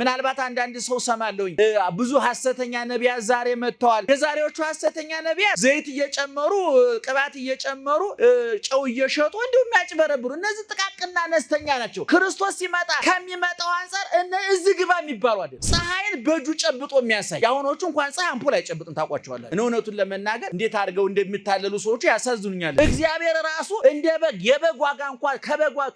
ምናልባት አንዳንድ ሰው ሰማለሁኝ ብዙ ሐሰተኛ ነቢያት ዛሬ መጥተዋል። የዛሬዎቹ ሐሰተኛ ነቢያት ዘይት እየጨመሩ ቅባት እየጨመሩ ጨው እየሸጡ እንዲሁም የሚያጭበረብሩ እነዚህ ጥቃቅና አነስተኛ ናቸው። ክርስቶስ ሲመጣ ከሚመጣው አንጻር እዚ ግባ የሚባሉ አለ ፀሐይን በእጁ ጨብጦ የሚያሳይ የአሁኖቹ እንኳን ፀሐይ አምፖል አይጨብጥም እነ እውነቱን ለመናገር እንዴት አድርገው እንደሚታለሉ ሰዎቹ ያሳዝኑኛል። እግዚአብሔር ራሱ እንደ በግ የበግ ዋጋ እንኳን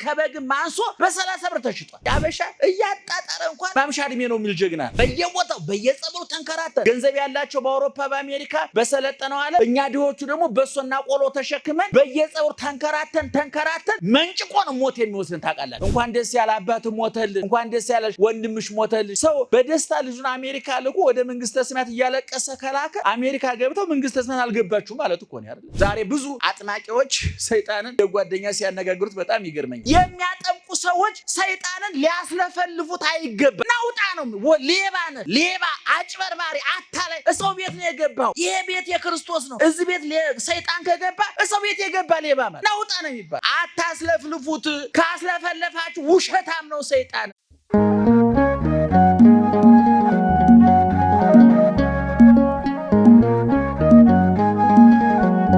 ከበግ ማንሶ በሰላሳ ብር ተሽጧል። ያበሻ እያጣጠረ እንኳን የሀምሻ እድሜ ነው የሚል ጀግና በየቦታው በየጸብሩ ተንከራተ ገንዘብ ያላቸው በአውሮፓ በአሜሪካ በሰለጠነው አለ። እኛ ድሆቹ ደግሞ በሶና ቆሎ ተሸክመን በየጸብሩ ተንከራተን ተንከራተን መንጭቆ ነው ሞት የሚወስድን ታውቃላችሁ። እንኳን ደስ ያለ አባት ሞተልን፣ እንኳን ደስ ያለ ወንድምሽ ሞተልን። ሰው በደስታ ልጁን አሜሪካ ልኮ ወደ መንግስተ ሰማያት እያለቀሰ ከላከ አሜሪካ ገብተው መንግስተ ሰማያት አልገባችሁ ማለት እኮ ነው ዛሬ ብዙ አጥማቂዎች ሰይጣንን ጓደኛ ሲያነጋግሩት በጣም ይገርመኛል የሚያጠምቁ ሰዎች ሰይጣንን ሊያስለፈልፉት አይገባ። ናውጣ ነው። ሌባ ነህ፣ ሌባ አጭበርባሪ፣ አታላይ እሰው ቤት ነው የገባው። ይሄ ቤት የክርስቶስ ነው። እዚህ ቤት ሰይጣን ከገባ እሰው ቤት የገባ ሌባ ማለት ናውጣ ነው የሚባል። አታስለፍልፉት። ካስለፈለፋችሁ ውሸታም ነው ሰይጣን።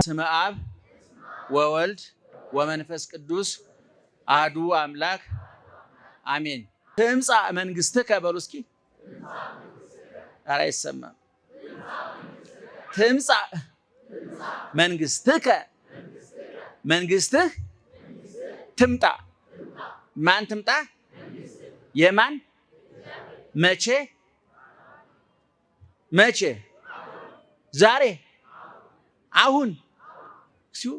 ስመ አብ ወወልድ ወመንፈስ ቅዱስ አዱ አምላክ አሜን። ትምፃ መንግስት በሉ እስኪ። ኧረ አይሰማም። ትምጻ መንግስትከ መንግስትህ ትምጣ። ማን ትምጣ? የማን መቼ? መቼ? ዛሬ፣ አሁን ሲሁ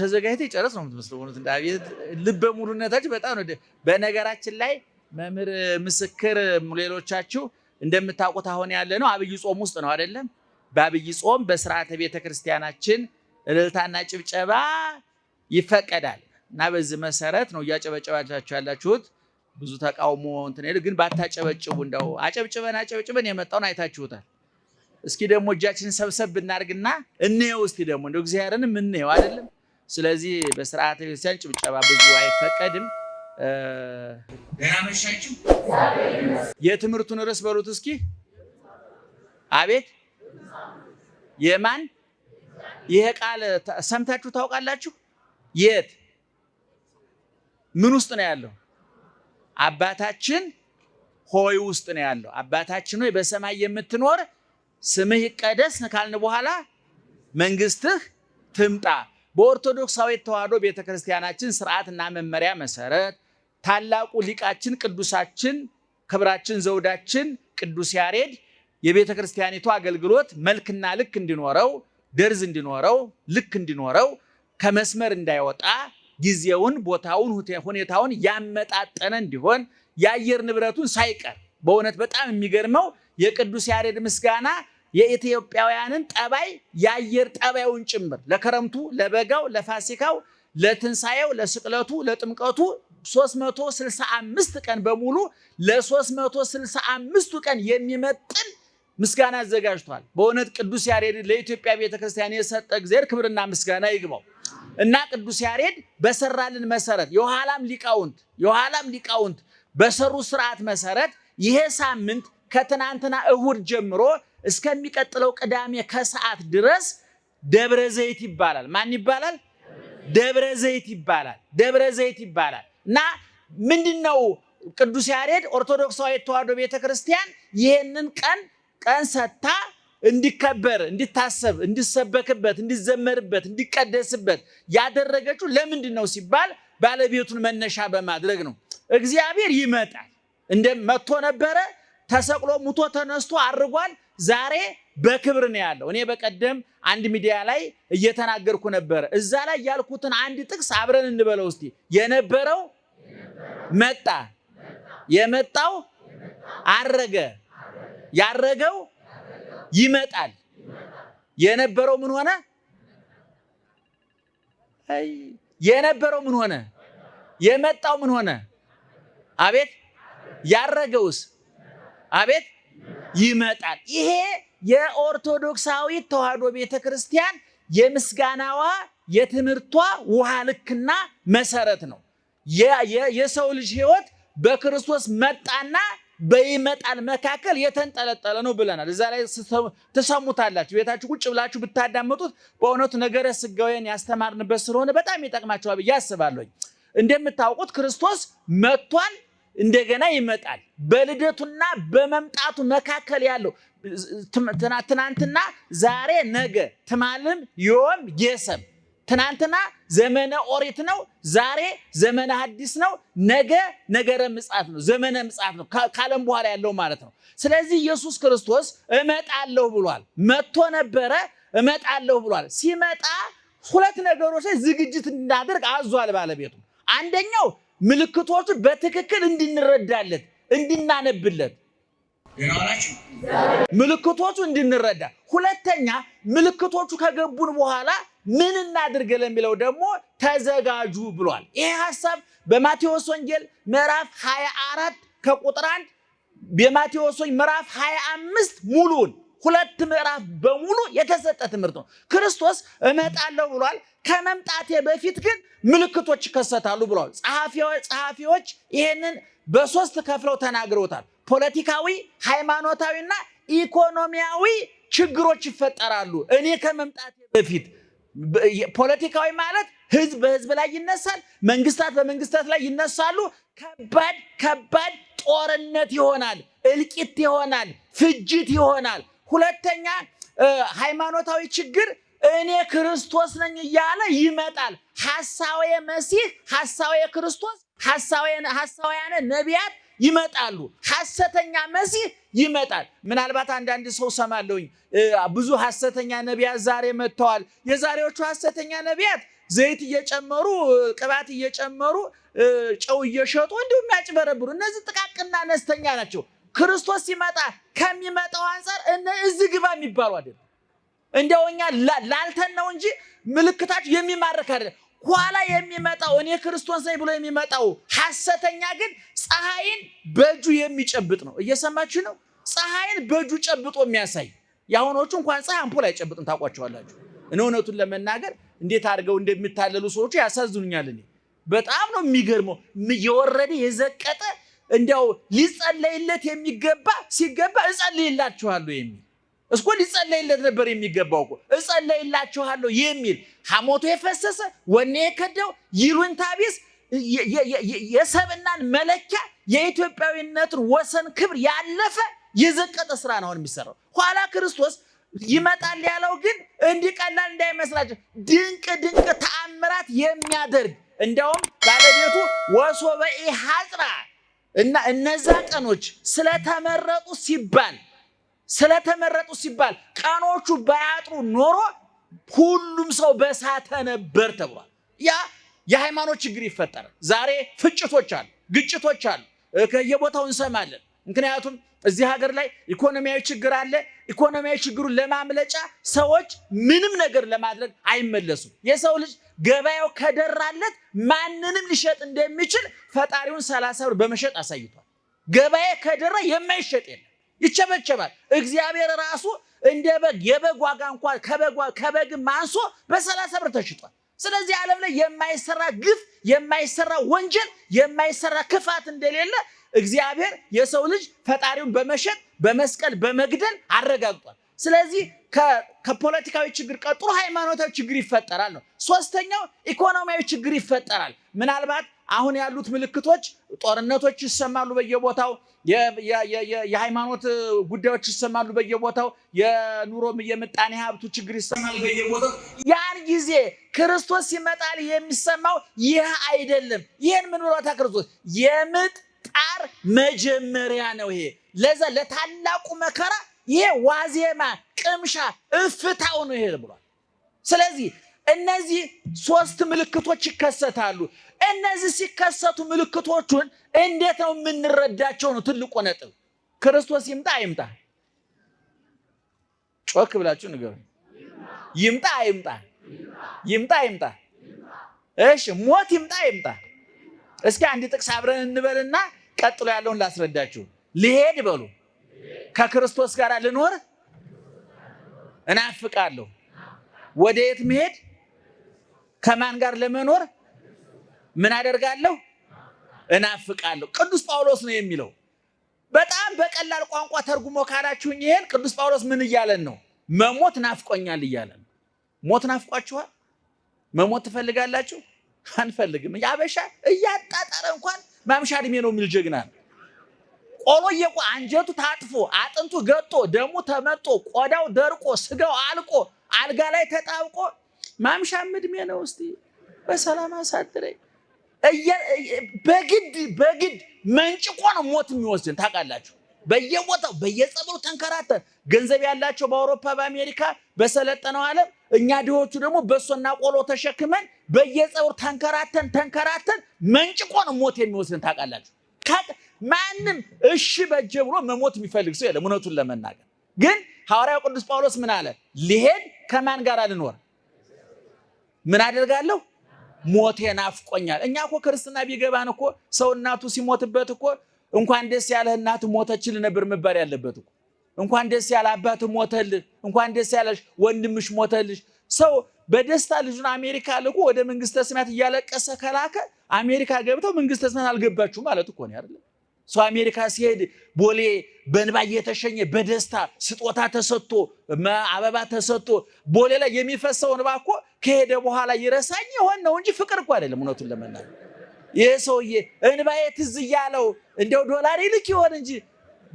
ተዘጋጅተ ጨረስ ነው የምትመስለው። ሆኖት እንደ አቤት ልበ ሙሉነታችሁ በጣም ነው። በነገራችን ላይ መምህር ምስክር ሌሎቻችሁ እንደምታውቁት አሁን ያለ ነው አብይ ጾም ውስጥ ነው አይደለም? በአብይ ጾም በስርዓተ ቤተ ክርስቲያናችን እልልታና ጭብጨባ ይፈቀዳል እና በዚህ መሰረት ነው እያጨበጨባችሁ ያላችሁት። ብዙ ተቃውሞ እንትን ግን ባታጨበጭቡ እንደው አጨብጭበን አጨብጭበን የመጣውን አይታችሁታል። እስኪ ደግሞ እጃችን ሰብሰብ ብናርግና እንየው። እስኪ ደግሞ እንደው እግዚአብሔርን እንየው አይደለም ስለዚህ በስርዓተ ክርስቲያን ጭብጨባ ብዙ አይፈቀድም። የትምህርቱን ርዕስ በሉት እስኪ። አቤት የማን ይሄ ቃል ሰምታችሁ ታውቃላችሁ? የት ምን ውስጥ ነው ያለው? አባታችን ሆይ ውስጥ ነው ያለው። አባታችን ሆይ በሰማይ የምትኖር ስምህ ይቀደስ ካልን በኋላ መንግስትህ ትምጣ በኦርቶዶክሳዊት ተዋሕዶ ቤተክርስቲያናችን ስርዓትና መመሪያ መሰረት ታላቁ ሊቃችን ቅዱሳችን ክብራችን ዘውዳችን ቅዱስ ያሬድ የቤተ ክርስቲያኒቱ አገልግሎት መልክና ልክ እንዲኖረው ደርዝ እንዲኖረው ልክ እንዲኖረው ከመስመር እንዳይወጣ ጊዜውን፣ ቦታውን፣ ሁኔታውን ያመጣጠነ እንዲሆን የአየር ንብረቱን ሳይቀር በእውነት በጣም የሚገርመው የቅዱስ ያሬድ ምስጋና የኢትዮጵያውያንን ጠባይ የአየር ጠባዩን ጭምር ለከረምቱ፣ ለበጋው፣ ለፋሲካው፣ ለትንሣኤው፣ ለስቅለቱ፣ ለጥምቀቱ 365 ቀን በሙሉ ለ365ቱ ቀን የሚመጥን ምስጋና አዘጋጅቷል። በእውነት ቅዱስ ያሬድ ለኢትዮጵያ ቤተክርስቲያን የሰጠ እግዚአብሔር ክብርና ምስጋና ይግባው እና ቅዱስ ያሬድ በሰራልን መሰረት የኋላም ሊቃውንት የኋላም ሊቃውንት በሰሩ ስርዓት መሰረት ይሄ ሳምንት ከትናንትና እሁድ ጀምሮ እስከሚቀጥለው ቅዳሜ ከሰዓት ድረስ ደብረ ዘይት ይባላል። ማን ይባላል? ደብረ ዘይት ይባላል። ደብረ ዘይት ይባላል እና ምንድን ነው ቅዱስ ያሬድ ኦርቶዶክሳዊ ተዋህዶ ቤተክርስቲያን ይህንን ቀን ቀን ሰታ እንዲከበር፣ እንዲታሰብ፣ እንዲሰበክበት፣ እንዲዘመርበት፣ እንዲቀደስበት ያደረገችው ለምንድን ነው ሲባል ባለቤቱን መነሻ በማድረግ ነው። እግዚአብሔር ይመጣል እንደ መጥቶ ነበረ ተሰቅሎ ሙቶ ተነስቶ አድርጓል። ዛሬ በክብር ነው ያለው። እኔ በቀደም አንድ ሚዲያ ላይ እየተናገርኩ ነበረ። እዛ ላይ ያልኩትን አንድ ጥቅስ አብረን እንበለው እስቲ። የነበረው መጣ፣ የመጣው አረገ፣ ያረገው ይመጣል። የነበረው ምን ሆነ? የነበረው ምን ሆነ? የመጣው ምን ሆነ? አቤት! ያረገውስ? አቤት! ይመጣል። ይሄ የኦርቶዶክሳዊት ተዋህዶ ቤተክርስቲያን የምስጋናዋ የትምህርቷ ውሃ ልክና መሰረት ነው። የሰው ልጅ ህይወት በክርስቶስ መጣና በይመጣል መካከል የተንጠለጠለ ነው ብለናል። እዛ ላይ ትሰሙታላችሁ። ቤታችሁ ቁጭ ብላችሁ ብታዳምጡት በእውነቱ ነገረ ስጋውያን ያስተማርንበት ስለሆነ በጣም ይጠቅማቸዋል ብዬ አስባለሁኝ። እንደምታውቁት ክርስቶስ መጥቷል። እንደገና ይመጣል። በልደቱና በመምጣቱ መካከል ያለው ትናንትና፣ ዛሬ፣ ነገ፣ ትማልም፣ ዮም፣ ጌሰም። ትናንትና ዘመነ ኦሪት ነው። ዛሬ ዘመነ ሐዲስ ነው። ነገ ነገረ ምጽአት ነው፣ ዘመነ ምጽአት ነው፣ ካለም በኋላ ያለው ማለት ነው። ስለዚህ ኢየሱስ ክርስቶስ እመጣለሁ ብሏል። መጥቶ ነበረ፣ እመጣለሁ ብሏል። ሲመጣ ሁለት ነገሮች ላይ ዝግጅት እንዳደርግ አዟል ባለቤቱ አንደኛው ምልክቶቹ በትክክል እንድንረዳለት እንድናነብለት ምልክቶቹ እንድንረዳ። ሁለተኛ ምልክቶቹ ከገቡን በኋላ ምን እናድርግ ለሚለው ደግሞ ተዘጋጁ ብሏል። ይሄ ሀሳብ በማቴዎስ ወንጌል ምዕራፍ 24 ከቁጥር 1 የማቴዎስ ወንጌል ምዕራፍ 25 ሙሉውን ሁለት ምዕራፍ በሙሉ የተሰጠ ትምህርት ነው። ክርስቶስ እመጣለሁ ብሏል። ከመምጣቴ በፊት ግን ምልክቶች ይከሰታሉ ብለዋል። ጸሐፊዎች ይህንን በሶስት ከፍለው ተናግረውታል። ፖለቲካዊ፣ ሃይማኖታዊና ኢኮኖሚያዊ ችግሮች ይፈጠራሉ እኔ ከመምጣቴ በፊት። ፖለቲካዊ ማለት ህዝብ በህዝብ ላይ ይነሳል፣ መንግስታት በመንግስታት ላይ ይነሳሉ። ከባድ ከባድ ጦርነት ይሆናል፣ እልቂት ይሆናል፣ ፍጅት ይሆናል። ሁለተኛ ሃይማኖታዊ ችግር እኔ ክርስቶስ ነኝ እያለ ይመጣል። ሐሳዌ መሲህ፣ ሐሳዌ ክርስቶስ፣ ሐሳውያነ ነቢያት ይመጣሉ። ሐሰተኛ መሲህ ይመጣል። ምናልባት አንዳንድ ሰው ሰማለሁኝ፣ ብዙ ሐሰተኛ ነቢያት ዛሬ መጥተዋል። የዛሬዎቹ ሐሰተኛ ነቢያት ዘይት እየጨመሩ ቅባት እየጨመሩ ጨው እየሸጡ እንዲሁም የሚያጭበረብሩ እነዚህ ጥቃቅና አነስተኛ ናቸው። ክርስቶስ ሲመጣ ከሚመጣው አንጻር እነ እዚህ ግባ የሚባሉ አይደለም። እንዲያው እኛ ላልተን ነው እንጂ ምልክታችሁ የሚማርክ አይደለም። ኋላ የሚመጣው እኔ ክርስቶስ ነኝ ብሎ የሚመጣው ሐሰተኛ ግን ፀሐይን በእጁ የሚጨብጥ ነው። እየሰማችሁ ነው? ፀሐይን በእጁ ጨብጦ የሚያሳይ የአሁኖቹ እንኳን ፀሐይ አምፖል አይጨብጥም። ታውቋቸዋላችሁ። እነ እውነቱን ለመናገር እንዴት አድርገው እንደሚታለሉ ሰዎቹ ያሳዝኑኛል። እኔ በጣም ነው የሚገርመው። የወረደ የዘቀጠ እንዲያው ሊጸለይለት የሚገባ ሲገባ እጸልይላችኋለሁ የሚል እስኮ ሊጸለይለት ነበር የሚገባው እኮ እጸለይላችኋለሁ የሚል ሐሞቱ የፈሰሰ ወኔ የከደው ይሉኝታ ቢስ የሰብናን መለኪያ የኢትዮጵያዊነትን ወሰን ክብር ያለፈ የዘቀጠ ስራ ነው የሚሰራው። ኋላ ክርስቶስ ይመጣል ያለው ግን እንዲህ ቀላል እንዳይመስላቸው ድንቅ ድንቅ ተአምራት የሚያደርግ እንዲያውም ባለቤቱ ወሶበኢ ሀጥራ እና እነዛ ቀኖች ስለተመረጡ ሲባል ስለተመረጡ ሲባል ቀኖቹ ባያጥሩ ኖሮ ሁሉም ሰው በሳተ ነበር ተብሏል። ያ የሃይማኖት ችግር ይፈጠራል። ዛሬ ፍጭቶች አሉ፣ ግጭቶች አሉ፣ ከየቦታው እንሰማለን። ምክንያቱም እዚህ ሀገር ላይ ኢኮኖሚያዊ ችግር አለ። ኢኮኖሚያዊ ችግሩን ለማምለጫ ሰዎች ምንም ነገር ለማድረግ አይመለሱም። የሰው ልጅ ገበያው ከደራለት ማንንም ሊሸጥ እንደሚችል ፈጣሪውን ሰላሳ ብር በመሸጥ አሳይቷል። ገበያ ከደራ የማይሸጥ የለም። ይቸበቸባል። እግዚአብሔር ራሱ እንደ በግ የበግ ዋጋ እንኳን ከበግ ማንሶ በሰላሳ ብር ተሽጧል። ስለዚህ ዓለም ላይ የማይሰራ ግፍ፣ የማይሰራ ወንጀል፣ የማይሰራ ክፋት እንደሌለ እግዚአብሔር የሰው ልጅ ፈጣሪውን በመሸጥ በመስቀል በመግደል አረጋግጧል። ስለዚህ ከፖለቲካዊ ችግር ቀጥሎ ሃይማኖታዊ ችግር ይፈጠራል ነው። ሶስተኛው ኢኮኖሚያዊ ችግር ይፈጠራል ምናልባት አሁን ያሉት ምልክቶች ጦርነቶች ይሰማሉ በየቦታው፣ የሃይማኖት ጉዳዮች ይሰማሉ በየቦታው፣ የኑሮ የምጣኔ ሀብቱ ችግር ይሰማሉ በየቦታው። ያን ጊዜ ክርስቶስ ሲመጣል የሚሰማው ይህ አይደለም። ይህን ምን ክርስቶስ የምጥ ጣር መጀመሪያ ነው። ይሄ ለዛ ለታላቁ መከራ ይሄ ዋዜማ ቅምሻ እፍታው ነው ይሄ ብሏል። ስለዚህ እነዚህ ሶስት ምልክቶች ይከሰታሉ። እነዚህ ሲከሰቱ ምልክቶቹን እንዴት ነው የምንረዳቸው? ነው ትልቁ ነጥብ። ክርስቶስ ይምጣ አይምጣ? ጮክ ብላችሁ ንገሩ። ይምጣ አይምጣ? ይምጣ አይምጣ? እሺ፣ ሞት ይምጣ አይምጣ? እስኪ አንድ ጥቅስ አብረን እንበልና ቀጥሎ ያለውን ላስረዳችሁ። ልሄድ በሉ፣ ከክርስቶስ ጋር ልኖር እናፍቃለሁ። ወደ የት መሄድ ከማን ጋር ለመኖር ምን አደርጋለሁ? እናፍቃለሁ። ቅዱስ ጳውሎስ ነው የሚለው። በጣም በቀላል ቋንቋ ተርጉሞ ካላችሁኝ ይሄን ቅዱስ ጳውሎስ ምን እያለን ነው? መሞት ናፍቆኛል እያለን። ሞት ናፍቋችኋል? መሞት ትፈልጋላችሁ? አንፈልግም። ያበሻ እያጣጠረ እንኳን ማምሻ እድሜ ነው የሚል ጀግና ነው። ቆሎ እየቆ አንጀቱ ታጥፎ አጥንቱ ገጦ ደሙ ተመጦ ቆዳው ደርቆ ስጋው አልቆ አልጋ ላይ ተጣብቆ ማምሻም እድሜ ነው። እስቲ በሰላም አሳድረኝ። በግድ በግድ መንጭቆ ነው ሞት የሚወስድን ታውቃላችሁ። በየቦታው በየጸበሉ ተንከራተን ገንዘብ ያላቸው በአውሮፓ በአሜሪካ በሰለጠነው ዓለም እኛ ድሆቹ ደግሞ በሶና ቆሎ ተሸክመን በየጸበሩ ተንከራተን ተንከራተን መንጭቆ ነው ሞት የሚወስድን ታውቃላችሁ። ማንም እሺ በጀ ብሎ መሞት የሚፈልግ ሰው የለም። እውነቱን ለመናገር ግን ሐዋርያው ቅዱስ ጳውሎስ ምን አለ? ሊሄድ ከማን ጋር ልኖር ምን አደርጋለሁ? ሞቴ ናፍቆኛል። እኛ እኮ ክርስትና ቢገባን እኮ ሰው እናቱ ሲሞትበት እኮ እንኳን ደስ ያለህ እናት ሞተችል ነበር መባል ያለበት እኮ። እንኳን ደስ ያለ አባት ሞተልህ፣ እንኳን ደስ ያለሽ ወንድምሽ ሞተልሽ። ሰው በደስታ ልጁን አሜሪካ ልኮ ወደ መንግስተ ሰማያት እያለቀሰ ከላከ አሜሪካ ገብተው መንግስተ ሰማያት አልገባችሁ ማለት እኮ ነው አይደለም? ሰው አሜሪካ ሲሄድ ቦሌ በእንባ እየተሸኘ በደስታ ስጦታ ተሰጥቶ አበባ ተሰጥቶ ቦሌ ላይ የሚፈሰው እንባ እኮ ከሄደ በኋላ ይረሳኝ የሆን ነው እንጂ ፍቅር እኮ አይደለም። እውነቱን ለመናገር ይህ ሰውዬ እንባዬ ትዝ እያለው እንደው ዶላር ይልክ ይሆን እንጂ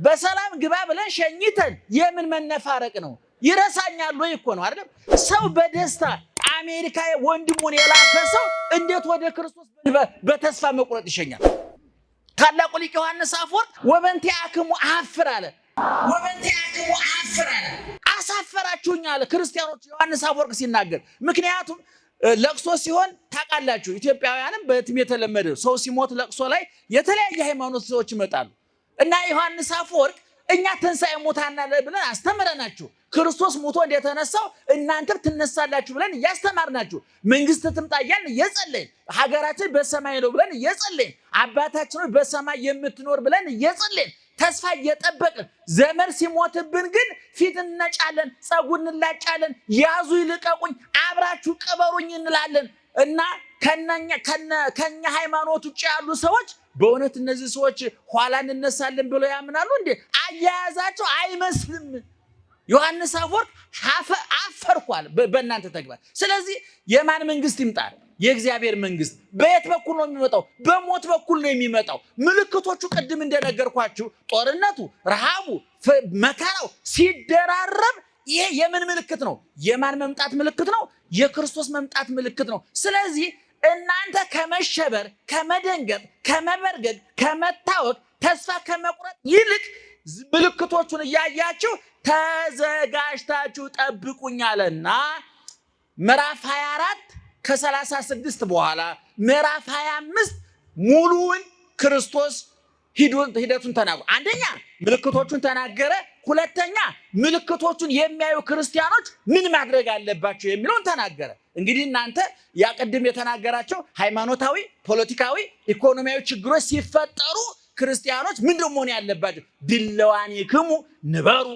በሰላም ግባ ብለን ሸኝተን የምን መነፋረቅ ነው? ይረሳኛል ወይ እኮ ነው አይደለም። ሰው በደስታ አሜሪካ ወንድሙን የላከ ሰው እንዴት ወደ ክርስቶስ በተስፋ መቁረጥ ይሸኛል? ታላቁ ሊቅ ዮሐንስ አፈወርቅ ወበንቲ አክሙ አፍር አለ። ወበንቲ አክሙ አፍር አለ። አሳፈራችሁኝ አለ ክርስቲያኖች፣ ዮሐንስ አፈወርቅ ሲናገር ምክንያቱም ለቅሶ ሲሆን ታውቃላችሁ፣ ኢትዮጵያውያንም በትም የተለመደ ሰው ሲሞት ለቅሶ ላይ የተለያየ ሃይማኖት ሰዎች ይመጣሉ እና ዮሐንስ አፈወርቅ እኛ ትንሣኤ ሙታናል ብለን አስተምረናችሁ ክርስቶስ ሙቶ እንደተነሳው እናንተም ትነሳላችሁ ብለን እያስተማርናችሁ መንግስት ትምጣ እያልን እየጸለይን ሀገራችን በሰማይ ነው ብለን እየጸለይን አባታችን በሰማይ የምትኖር ብለን እየጸለይን ተስፋ እየጠበቅን ዘመን ሲሞትብን ግን ፊት እንነጫለን፣ ፀጉር እንላጫለን፣ ያዙ ይልቀቁኝ፣ አብራችሁ ቅበሩኝ እንላለን እና ከኛ ሃይማኖት ውጭ ያሉ ሰዎች በእውነት እነዚህ ሰዎች ኋላ እንነሳለን ብለው ያምናሉ እንዴ? አያያዛቸው አይመስልም። ዮሐንስ አፈወርቅ አፈርኳል በእናንተ ተግባር። ስለዚህ የማን መንግስት ይምጣል? የእግዚአብሔር መንግስት በየት በኩል ነው የሚመጣው? በሞት በኩል ነው የሚመጣው። ምልክቶቹ ቅድም እንደነገርኳችሁ ጦርነቱ፣ ረሃቡ፣ መከራው ሲደራረብ ይሄ የምን ምልክት ነው? የማን መምጣት ምልክት ነው? የክርስቶስ መምጣት ምልክት ነው። ስለዚህ እናንተ ከመሸበር፣ ከመደንገጥ፣ ከመበርገግ፣ ከመታወቅ፣ ተስፋ ከመቁረጥ ይልቅ ምልክቶቹን እያያችሁ ተዘጋጅታችሁ ጠብቁኝ አለና ምዕራፍ 24 ከ36 በኋላ ምዕራፍ 25 ሙሉውን ክርስቶስ ሂደቱን ተናግሮ አንደኛ ምልክቶቹን ተናገረ። ሁለተኛ ምልክቶቹን የሚያዩ ክርስቲያኖች ምን ማድረግ አለባቸው የሚለውን ተናገረ። እንግዲህ እናንተ ያቅድም የተናገራቸው ሃይማኖታዊ፣ ፖለቲካዊ፣ ኢኮኖሚያዊ ችግሮች ሲፈጠሩ ክርስቲያኖች ምንድን መሆን ያለባቸው? ድለዋኒክሙ ንበሩ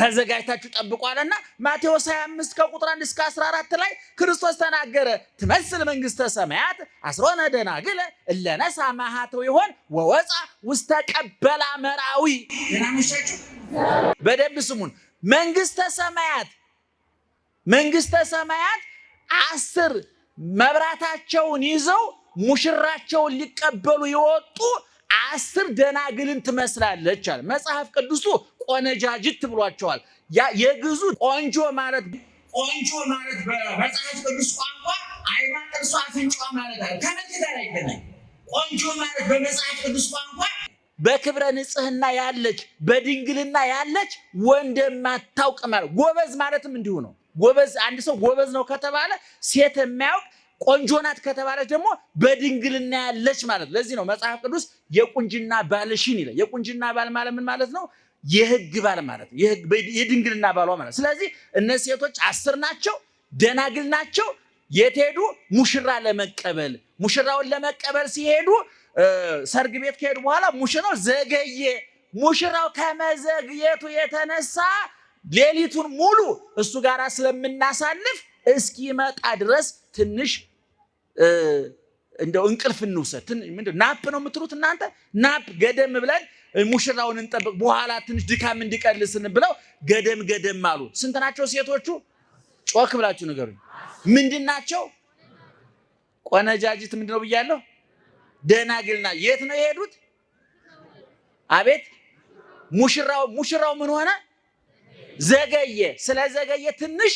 ተዘጋጅታችሁ ጠብቋልና ማቴዎስ 25 ከቁጥር 1 እስከ 14 ላይ ክርስቶስ ተናገረ። ትመስል መንግሥተ ሰማያት አስሮነ ደናግል እለነሳ ማሃተው ይሆን ወወፃ ውስተ ቀበላ መራዊ። በደንብ ስሙን። መንግሥተ ሰማያት መንግሥተ ሰማያት አስር መብራታቸውን ይዘው ሙሽራቸውን ሊቀበሉ የወጡ አስር ደናግልን ትመስላለች አለ መጽሐፍ ቅዱሱ። ቆነጃጅት ብሏቸዋል። የግዙ ቆንጆ ማለት ቆንጆ ማለት በመጽሐፍ ቅዱስ ቋንቋ አይኗ ጥርሷ አፍንጫ ማለት አለ። ከመት ጋር አይገናኝ። ቆንጆ ማለት በመጽሐፍ ቅዱስ ቋንቋ በክብረ ንጽህና ያለች በድንግልና ያለች ወንድ የማታውቅ ማለት ጎበዝ ማለትም እንዲሁ ነው። ጎበዝ አንድ ሰው ጎበዝ ነው ከተባለ ሴት የማያውቅ ቆንጆ ናት ከተባለች ደግሞ በድንግልና ያለች ማለት። ለዚህ ነው መጽሐፍ ቅዱስ የቁንጅና ባልሽን ይለ የቁንጅና ባል ማለት ምን ማለት ነው? የህግ ባል ማለት ነው። የድንግልና ባሏ ማለት ስለዚህ እነዚህ ሴቶች አስር ናቸው፣ ደናግል ናቸው። የት ሄዱ? ሙሽራ ለመቀበል ሙሽራውን ለመቀበል ሲሄዱ ሰርግ ቤት ከሄዱ በኋላ ሙሽራው ዘገየ። ሙሽራው ከመዘግየቱ የተነሳ ሌሊቱን ሙሉ እሱ ጋር ስለምናሳልፍ እስኪመጣ ድረስ ትንሽ እንደው እንቅልፍ እንውሰድ። ናፕ ነው የምትሉት እናንተ? ናፕ ገደም ብለን ሙሽራውን እንጠብቅ፣ በኋላ ትንሽ ድካም እንዲቀልስን ብለው ገደም ገደም አሉ። ስንት ናቸው ሴቶቹ? ጮክ ብላችሁ ንገሩኝ። ምንድን ናቸው? ቆነጃጅት ምንድነው ነው ብያለሁ? ደናግልና የት ነው የሄዱት? አቤት ሙሽራው ሙሽራው ምን ሆነ? ዘገየ። ስለዘገየ ትንሽ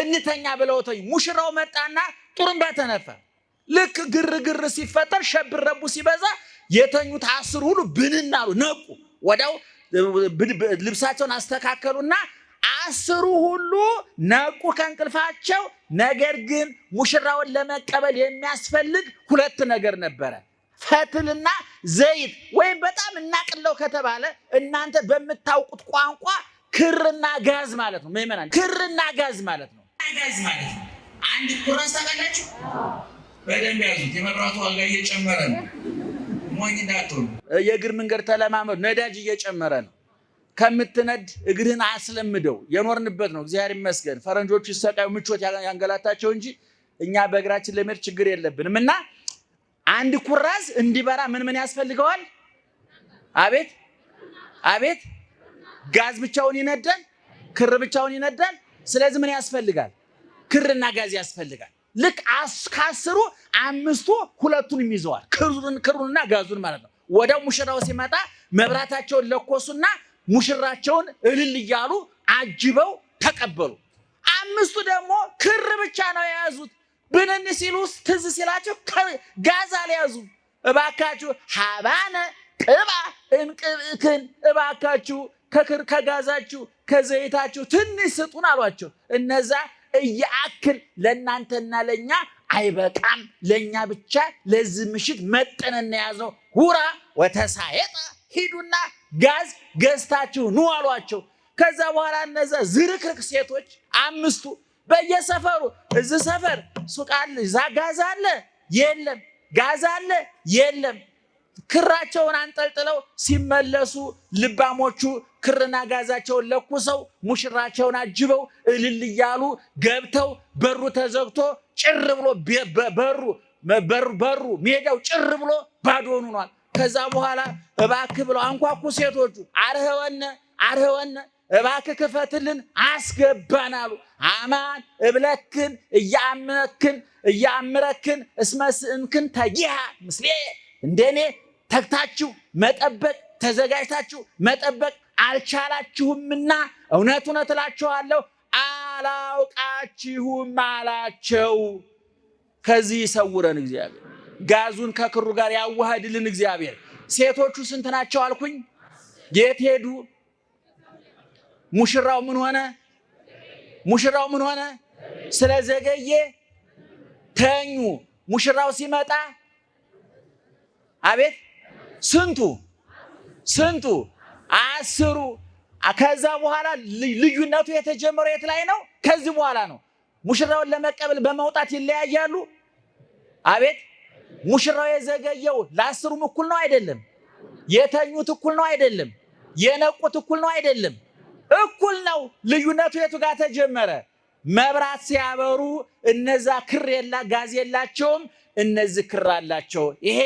እንተኛ ብለው ሙሽራው መጣና ጡሩምባ ተነፋ። ልክ ግርግር ሲፈጠር ሸብር ረቡ ሲበዛ የተኙት አስር ሁሉ ብንን አሉ፣ ነቁ። ወዲያው ልብሳቸውን አስተካከሉና አስሩ ሁሉ ነቁ ከእንቅልፋቸው። ነገር ግን ሙሽራውን ለመቀበል የሚያስፈልግ ሁለት ነገር ነበረ፣ ፈትልና ዘይት። ወይም በጣም እናቅለው ከተባለ እናንተ በምታውቁት ቋንቋ ክርና ጋዝ ማለት ነው። ምዕመናን ክርና ጋዝ ማለት ነው። አንድ ኩራዝ ታውቃላችሁ? በደንብ ያዙት። የመብራቱ ዋጋ እየጨመረ ነው። ሞኝ እንዳትሆኑ። የእግር መንገድ ተለማመዱ። ነዳጅ እየጨመረ ነው። ከምትነድ እግርህን አስለምደው። የኖርንበት ነው። እግዚአብሔር ይመስገን። ፈረንጆቹ ይሰቃዩ፣ ምቾት ያንገላታቸው እንጂ እኛ በእግራችን ለመሄድ ችግር የለብንም። እና አንድ ኩራዝ እንዲበራ ምን ምን ያስፈልገዋል? አቤት አቤት! ጋዝ ብቻውን ይነዳል? ክር ብቻውን ይነዳል? ስለዚህ ምን ያስፈልጋል? ክርና ጋዝ ያስፈልጋል። ልክ ከአስሩ አምስቱ ሁለቱን ይዘዋል። ክሩን ክሩንና ጋዙን ማለት ነው። ወደ ሙሽራው ሲመጣ መብራታቸውን ለኮሱና ሙሽራቸውን እልል እያሉ አጅበው ተቀበሉ። አምስቱ ደግሞ ክር ብቻ ነው የያዙት። ብንን ሲሉ ትዝ ሲላቸው ጋዝ አልያዙም። እባካችሁ ሀባነ ቅባ እንቅብክን እባካችሁ ከክር ከጋዛችሁ ከዘይታችሁ ትንሽ ስጡን አሏቸው እነዛ እያአክል ለእናንተና ለእኛ አይበቃም። ለእኛ ብቻ ለዚህ ምሽት መጠን የያዘው ሁራ ወተሳየጠ ሂዱና ጋዝ ገዝታችሁ ኑ አሏቸው። ከዛ በኋላ እነዛ ዝርክርክ ሴቶች አምስቱ በየሰፈሩ እዚህ ሰፈር ሱቅ አለ፣ እዛ ጋዝ አለ የለም፣ ጋዝ አለ የለም ክራቸውን አንጠልጥለው ሲመለሱ ልባሞቹ ክርና ጋዛቸውን ለኩሰው ሙሽራቸውን አጅበው እልል እያሉ ገብተው በሩ ተዘግቶ ጭር ብሎ በሩ በሩ ሜዳው ጭር ብሎ ባዶ ሆኗል። ከዛ በኋላ እባክ ብለው አንኳኩ ሴቶቹ አርህወነ አርህወነ እባክ ክፈትልን አስገባን አሉ። አማን እብለክን እያምረክን እያምረክን እስመስእንክን ተጊሃ ምስሌ እንደኔ ተግታችሁ መጠበቅ ተዘጋጅታችሁ መጠበቅ አልቻላችሁምና እውነት እውነት እላችኋለሁ አላውቃችሁም አላቸው። ከዚህ ይሰውረን እግዚአብሔር። ጋዙን ከክሩ ጋር ያዋህድልን እግዚአብሔር። ሴቶቹ ስንት ናቸው አልኩኝ? የት ሄዱ? ሙሽራው ምን ሆነ? ሙሽራው ምን ሆነ? ስለዘገየ ተኙ። ሙሽራው ሲመጣ አቤት ስንቱ ስንቱ አስሩ። ከዛ በኋላ ልዩነቱ የተጀመረው የት ላይ ነው? ከዚህ በኋላ ነው። ሙሽራውን ለመቀበል በመውጣት ይለያያሉ። አቤት ሙሽራው የዘገየው ለአስሩም እኩል ነው አይደለም? የተኙት እኩል ነው አይደለም? የነቁት እኩል ነው አይደለም? እኩል ነው። ልዩነቱ የቱ ጋር ተጀመረ? መብራት ሲያበሩ እነዛ ክር የላ ጋዝ የላቸውም፣ እነዚህ ክር አላቸው። ይሄ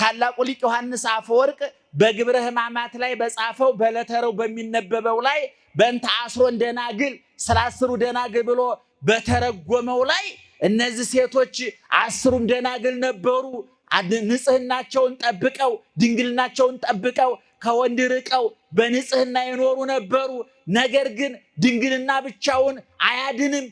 ታላቁ ሊቅ ዮሐንስ አፈወርቅ በግብረ ሕማማት ላይ በጻፈው በለተረው በሚነበበው ላይ በእንተ አስሮን ደናግል ስለ አስሩ ደናግል ብሎ በተረጎመው ላይ እነዚህ ሴቶች አስሩም ደናግል ነበሩ። ንጽህናቸውን ጠብቀው ድንግልናቸውን ጠብቀው ከወንድ ርቀው በንጽህና የኖሩ ነበሩ። ነገር ግን ድንግልና ብቻውን አያድንም።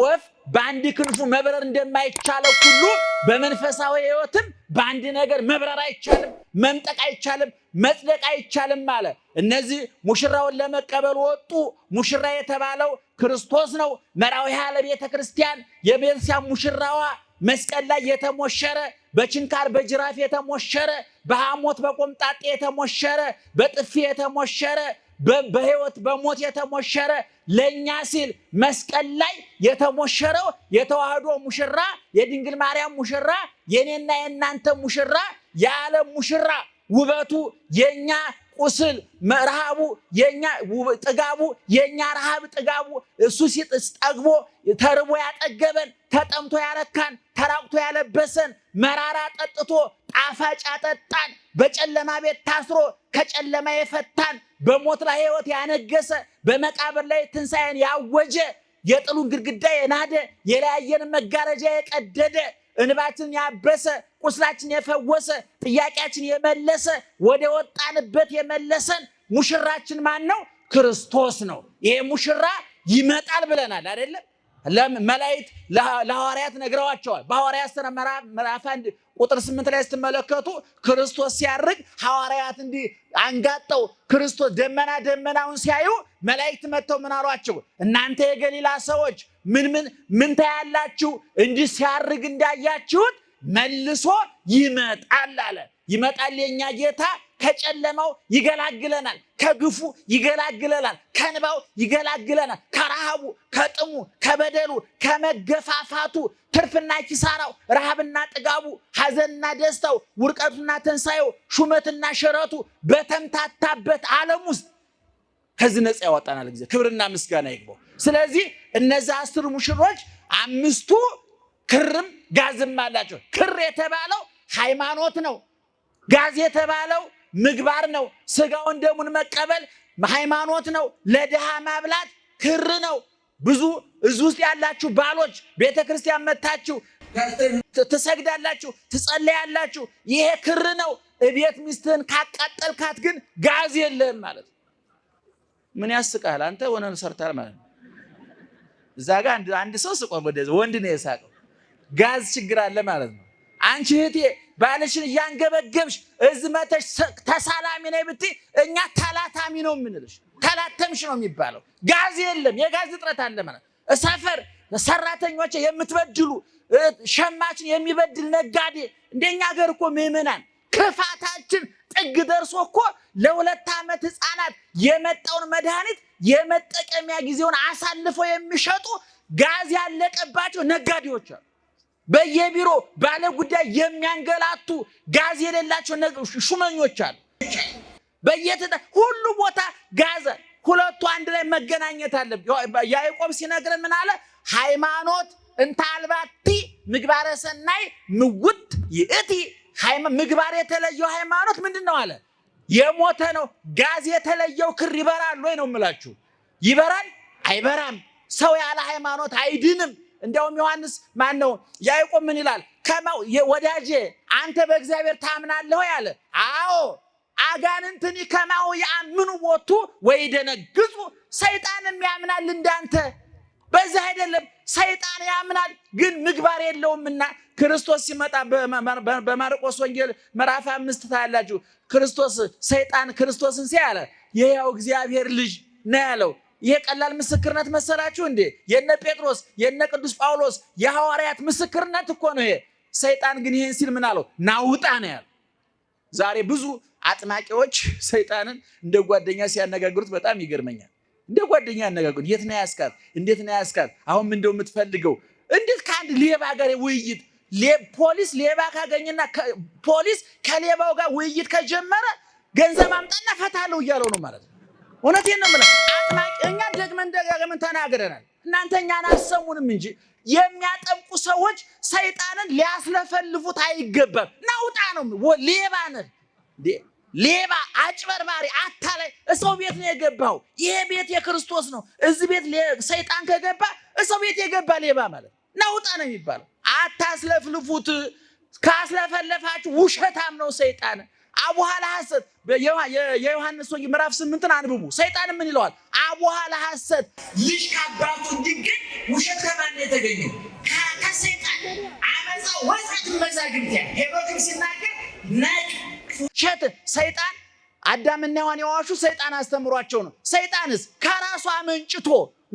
ወፍ በአንድ ክንፉ መብረር እንደማይቻለው ሁሉ በመንፈሳዊ ሕይወትም በአንድ ነገር መብረር አይቻልም፣ መምጠቅ አይቻልም፣ መጽደቅ አይቻልም አለ። እነዚህ ሙሽራውን ለመቀበል ወጡ። ሙሽራ የተባለው ክርስቶስ ነው። መራዊሃ ለቤተ ክርስቲያን የቤተክርስቲያን ሙሽራዋ መስቀል ላይ የተሞሸረ በችንካር በጅራፍ የተሞሸረ በሐሞት በቆምጣጤ የተሞሸረ በጥፊ የተሞሸረ በህይወት በሞት የተሞሸረ ለእኛ ሲል መስቀል ላይ የተሞሸረው የተዋህዶ ሙሽራ የድንግል ማርያም ሙሽራ የእኔና የእናንተ ሙሽራ የዓለም ሙሽራ ውበቱ የእኛ ቁስል መርሃቡ የኛ ጥጋቡ የኛ ረሃብ ጥጋቡ እሱ ጠግቦ ተርቦ ያጠገበን ተጠምቶ ያረካን ተራቁቶ ያለበሰን መራራ ጠጥቶ ጣፋጭ አጠጣን፣ በጨለማ ቤት ታስሮ ከጨለማ የፈታን፣ በሞት ላይ ሕይወት ያነገሰ፣ በመቃብር ላይ ትንሣኤን ያወጀ፣ የጥሉን ግድግዳ የናደ፣ የለያየን መጋረጃ የቀደደ፣ እንባችንን ያበሰ፣ ቁስላችን የፈወሰ፣ ጥያቄያችን የመለሰ፣ ወደ ወጣንበት የመለሰን ሙሽራችን ማን ነው? ክርስቶስ ነው። ይሄ ሙሽራ ይመጣል ብለናል አይደለም? መላእክት ለሐዋርያት ነግረዋቸዋል። በሐዋርያት ሥራ ምዕራፍ አንድ ቁጥር ስምንት ላይ ስትመለከቱ ክርስቶስ ሲያርግ ሐዋርያት እንዲህ አንጋጠው ክርስቶስ ደመና ደመናውን ሲያዩ መላእክት መጥተው ምን አሏቸው? እናንተ የገሊላ ሰዎች ምን ምን ምን ታያላችሁ? እንዲህ ሲያርግ እንዳያችሁት መልሶ ይመጣል አለ። ይመጣል የእኛ ጌታ ከጨለማው ይገላግለናል፣ ከግፉ ይገላግለናል፣ ከንባው ይገላግለናል፣ ከረሃቡ፣ ከጥሙ፣ ከበደሉ፣ ከመገፋፋቱ ትርፍና ኪሳራው፣ ረሃብና ጥጋቡ፣ ሐዘንና ደስታው፣ ውርቀቱና ትንሣኤው፣ ሹመትና ሽረቱ በተምታታበት ዓለም ውስጥ ከዚህ ነፃ ያወጣናል። ጊዜ ክብርና ምስጋና ይግባው። ስለዚህ እነዚ አስር ሙሽሮች አምስቱ ክርም ጋዝም አላቸው። ክር የተባለው ሃይማኖት ነው። ጋዝ የተባለው ምግባር ነው። ስጋውን ደሙን መቀበል ሃይማኖት ነው። ለድሃ ማብላት ክር ነው። ብዙ እዚህ ውስጥ ያላችሁ ባሎች ቤተ ክርስቲያን መታችሁ ትሰግዳላችሁ፣ ትጸለያላችሁ። ይሄ ክር ነው። እቤት ሚስትህን ካቃጠልካት ግን ጋዝ የለህም ማለት ነው። ምን ያስቃል? አንተ ሆነን ሰርታል ማለት ነው። እዛ ጋ አንድ ሰው ስቆ ወንድ ነው የሳቀው። ጋዝ ችግር አለ ማለት ነው። አንቺ እህቴ ባልሽን እያንገበገብሽ እዝመተሽ ተሳላሚ ነይ ብትይ እኛ ተላታሚ ነው የምንልሽ። ተላተምሽ ነው የሚባለው። ጋዝ የለም፣ የጋዝ እጥረት አለ ማለት ሰፈር ሰራተኞች የምትበድሉ ሸማችን የሚበድል ነጋዴ እንደኛ ሀገር እኮ ምዕመናን ክፋታችን ጥግ ደርሶ እኮ ለሁለት ዓመት ህፃናት የመጣውን መድኃኒት የመጠቀሚያ ጊዜውን አሳልፈው የሚሸጡ ጋዝ ያለቀባቸው ነጋዴዎች አሉ። በየቢሮ ባለ ጉዳይ የሚያንገላቱ ጋዝ የሌላቸው ሹመኞች አሉ። በየተ ሁሉ ቦታ ጋዘ ሁለቱ አንድ ላይ መገናኘት አለ። ያዕቆብ ሲነግር ምን አለ? ሃይማኖት እንተ አልባቲ ምግባረ ሰናይ ምውት ይእቲ። ምግባር የተለየው ሃይማኖት ምንድን ነው አለ? የሞተ ነው። ጋዝ የተለየው ክር ይበራል ወይ ነው የምላችሁ? ይበራል አይበራም። ሰው ያለ ሃይማኖት አይድንም። እንዲያውም ዮሐንስ ማን ነው ያዕቆብ ምን ይላል? ወዳጄ አንተ በእግዚአብሔር ታምናለህ ያለ። አዎ አጋንንትን ከማው ያምኑ ወቱ ወይ ደነግጹ። ሰይጣንም ያምናል እንዳንተ። በዚህ አይደለም ሰይጣን ያምናል ግን ምግባር የለውምና ክርስቶስ ሲመጣ በማርቆስ ወንጌል ምዕራፍ አምስት ታያላችሁ። ክርስቶስ ሰይጣን ክርስቶስን ሲያለ የያው እግዚአብሔር ልጅ ነው ያለው። ይሄ ቀላል ምስክርነት መሰላችሁ እንዴ? የነ ጴጥሮስ የነ ቅዱስ ጳውሎስ የሐዋርያት ምስክርነት እኮ ነው ይሄ። ሰይጣን ግን ይሄን ሲል ምን አለው? ናውጣ ነው ያለው። ዛሬ ብዙ አጥማቂዎች ሰይጣንን እንደ ጓደኛ ሲያነጋግሩት በጣም ይገርመኛል። እንደ ጓደኛ ያነጋግሩት፣ የት ነው ያስካት? እንዴት ነው ያስካት? አሁን ምን እንደው የምትፈልገው? እንዴት ከአንድ ሌባ ጋር ውይይት ፖሊስ ሌባ ካገኘና ፖሊስ ከሌባው ጋር ውይይት ከጀመረ ገንዘብ አምጣና ፈታለሁ እያለው ነው ማለት ነው። እውነቴን ነው የምልህ ደግመን ደጋግመን ተናግረናል። እናንተ እኛን አሰሙንም እንጂ የሚያጠምቁ ሰዎች ሰይጣንን ሊያስለፈልፉት አይገባም። ናውጣ ነው። ሌባ ነህ፣ ሌባ፣ አጭበርባሪ፣ አታላይ እሰው ቤት ነው የገባው። ይሄ ቤት የክርስቶስ ነው። እዚህ ቤት ሰይጣን ከገባ እሰው ቤት የገባ ሌባ ማለት ናውጣ ነው የሚባለው። አታስለፍልፉት። ካስለፈለፋችሁ ውሸታም ነው ሰይጣን አቡሃላ ሐሰት የዮሐንስ ወንጌል ምዕራፍ ስምንትን አንብቡ። ሰይጣን ምን ይለዋል? አቡሃላ ሐሰት ልጅ ከአባቱ እንዲገኝ ውሸት ከማን የተገኘ ከሰይጣን አመፃ ወፃት መዛግብት ያ ሄሮድም ሰይጣን አዳምና ሔዋን የዋሹ ሰይጣን አስተምሯቸው ነው። ሰይጣንስ ከራሱ አመንጭቶ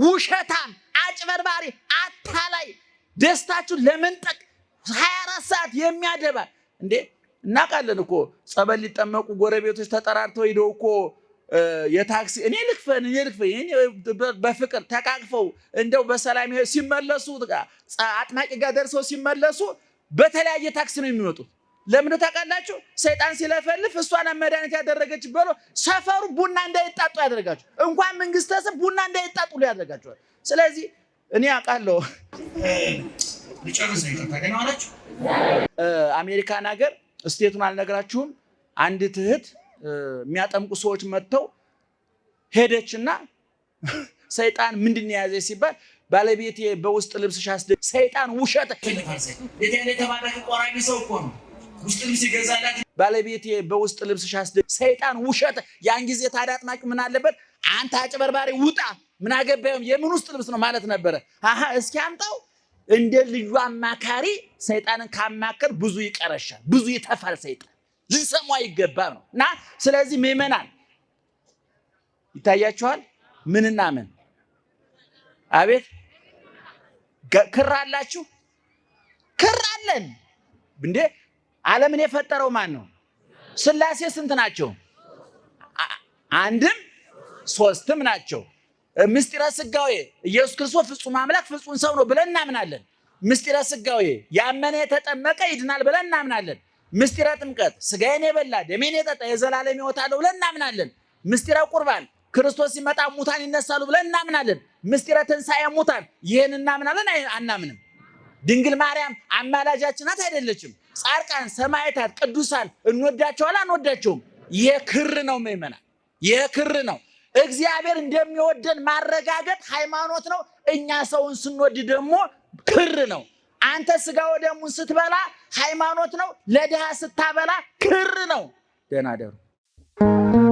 ውሸታም፣ አጭበርባሪ፣ አታላይ ደስታችሁን ለመንጠቅ 24 ሰዓት የሚያደባ እንዴ እናውቃለን እኮ ጸበል ሊጠመቁ ጎረቤቶች ተጠራርተው ሄደው እኮ የታክሲ እኔ ልክፈን እኔ ልክፈን በፍቅር ተቃቅፈው እንደው በሰላም ሲመለሱ አጥማቂ ጋር ደርሰው ሲመለሱ በተለያየ ታክሲ ነው የሚመጡት። ለምን ታውቃላችሁ? ሰይጣን ሲለፈልፍ እሷን መድኃኒት ያደረገች በሎ ሰፈሩ ቡና እንዳይጣጡ ያደርጋችሁ። እንኳን መንግስተ ስም ቡና እንዳይጣጡ ያደርጋችኋል። ስለዚህ እኔ አውቃለሁ አሜሪካን ሀገር እስቴቱን አልነግራችሁም። አንድ እህት የሚያጠምቁ ሰዎች መጥተው ሄደችና ሰይጣን ምንድን የያዘ ሲባል ባለቤቴ በውስጥ ልብስ አስደ ሰይጣን ውሸት የተባረከ ቆራቢ ሰው እኮ ነው። ውስጥ ልብስ ይገዛላት በውስጥ ሰይጣን ውሸት። ያን ጊዜ ታዲያ አጥማቂ ምን አለበት? አንተ አጭበርባሪ ውጣ፣ ምን የምን ውስጥ ልብስ ነው ማለት ነበረ። እስኪ አምጣው እንደ ልዩ አማካሪ ሰይጣንን ካማከር ብዙ ይቀረሻል፣ ብዙ ይተፋል። ሰይጣን ልንሰማ ይገባ ነው እና ስለዚህ ምዕመናን ይታያችኋል። ምንና ምን አቤት ክር አላችሁ? ክር አለን እንዴ! ዓለምን የፈጠረው ማን ነው? ስላሴ ስንት ናቸው? አንድም ሶስትም ናቸው። ምስጢረ ስጋዌ ኢየሱስ ክርስቶስ ፍጹም አምላክ ፍጹም ሰው ነው ብለን እናምናለን። ምስጢረ ስጋዌ ያመነ የተጠመቀ ይድናል ብለን እናምናለን። ምስጢረ ጥምቀት ስጋዬን የበላ ደሜን የጠጣ የዘላለም ሕይወት አለው ብለን እናምናለን። ምስጢረ ቁርባን ክርስቶስ ሲመጣ ሙታን ይነሳሉ ብለን እናምናለን። ምስጢረ ትንሣኤ ሙታን ይህን እናምናለን አናምንም? ድንግል ማርያም አማላጃችን ናት አይደለችም? ጻድቃን፣ ሰማዕታት፣ ቅዱሳን እንወዳቸዋል አንወዳቸውም? ይሄ ክር ነው ምእመናን፣ ይሄ ክር ነው። እግዚአብሔር እንደሚወደን ማረጋገጥ ሃይማኖት ነው። እኛ ሰውን ስንወድ ደግሞ ክር ነው። አንተ ስጋ ወደሙን ስትበላ ሃይማኖት ነው። ለድሃ ስታበላ ክር ነው። ደህና ደሩ።